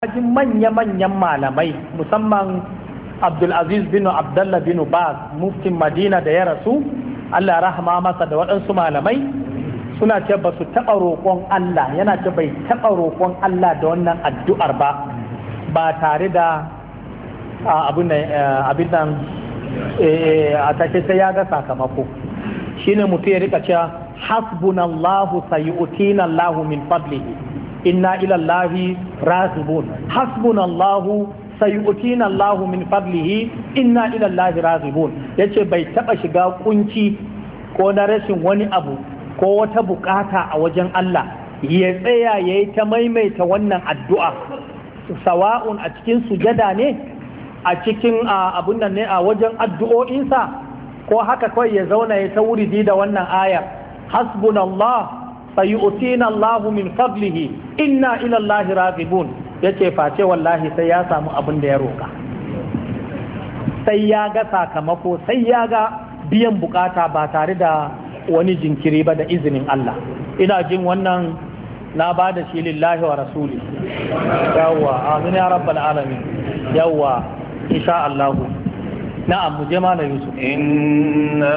ji manya-manyan malamai musamman abdulaziz bin abdullah bin baz muftin madina da ya rasu allah rahama masa da waɗansu malamai suna ce ba su taɓa roƙon allah yana ce bai taɓa roƙon allah da wannan addu'ar ba ba tare da abin nan e, e, a take sai ya ga sakamako shine mutum ya rika cewa hasbunallahu sayu'tina allahu min fadlihi inna ilallahi rasibun hasbunallahu sayu'tina Allahu min fadlihi inna ilallahi rasibun yace bai taba shiga kunci ko na rashin wani abu ko wata bukata a wajen Allah ya tsaya yayi ta maimaita wannan addu'a sawa'un a cikin sujada ne a cikin abun nan ne a wajen addu'o'insa ko haka kawai ya zauna ya ta da wannan ayar hasbunallahu sayu'tina Allahu min fadlihi inna ila Allah raghibun yace face wallahi sai ya samu abin da ya roka sai ya ga sakamako sai ya ga biyan bukata ba tare da wani jinkiri ba da izinin Allah ina jin wannan na ba da shi lillahi wa rasuli yawwa amin ya rabbal alamin yawwa insha Allah na mu je malam Yusuf